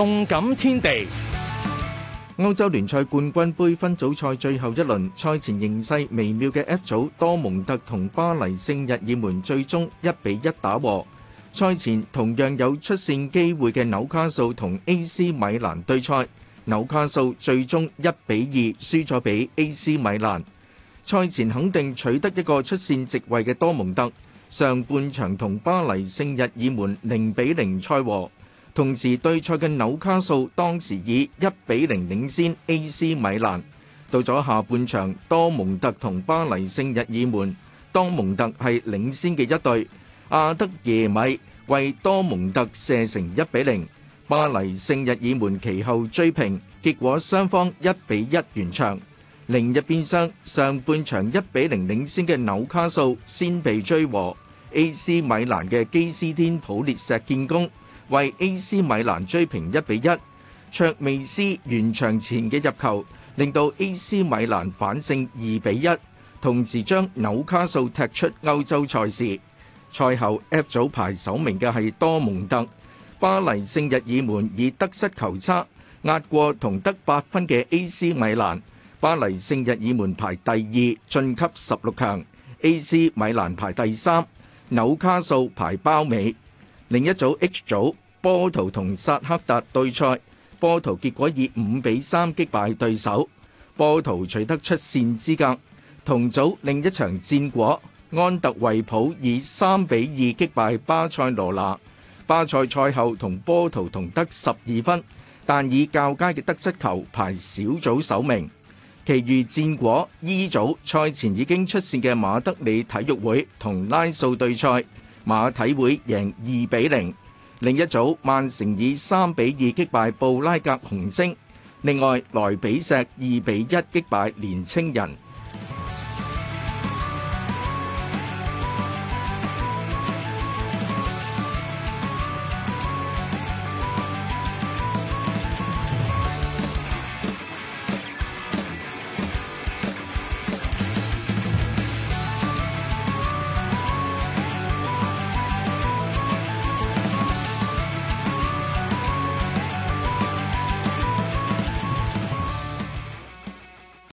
動感天地，歐洲聯賽冠軍盃分組賽最後一輪，賽前形勢微妙嘅 F 組，多蒙特同巴黎聖日耳門最終一比一打和。賽前同樣有出線機會嘅紐卡素同 AC 米蘭對賽，紐卡素最終一比二輸咗俾 AC 米蘭。賽前肯定取得一個出線席位嘅多蒙特，上半場同巴黎聖日耳門零比零賽和。同時對賽嘅紐卡素當時以一比零領先 A.C. 米蘭。到咗下半場，多蒙特同巴黎聖日耳門，多蒙特係領先嘅一隊，阿德耶米為多蒙特射成一比零。巴黎聖日耳門其後追平，結果雙方一比一完場。另一邊廂，上半場一比零領先嘅紐卡素先被追和。A.C. 米蘭嘅基斯天普列石建功。為 AC 米蘭追平一比一，卓美斯完場前嘅入球令到 AC 米蘭反勝二比一，同時將紐卡素踢出歐洲賽事。賽後 F 組排首名嘅係多蒙特，巴黎聖日耳門以得失球差壓過同得八分嘅 AC 米蘭，巴黎聖日耳門排第二晉級十六強，AC 米蘭排第三，紐卡素排包尾。另一組 H 組。波圖同薩克達對賽，波圖結果以五比三擊敗對手，波圖取得出線資格。同組另一場戰果，安特衛普以三比二擊敗巴塞羅那。巴塞賽後同波圖同得十二分，但以較佳嘅得失球排小組首名。其餘戰果，E 組賽前已經出線嘅馬德里體育會同拉素對賽，馬體會贏二比零。另一組，曼城以三比二擊敗布拉格紅星。另外，萊比錫二比一擊敗年青人。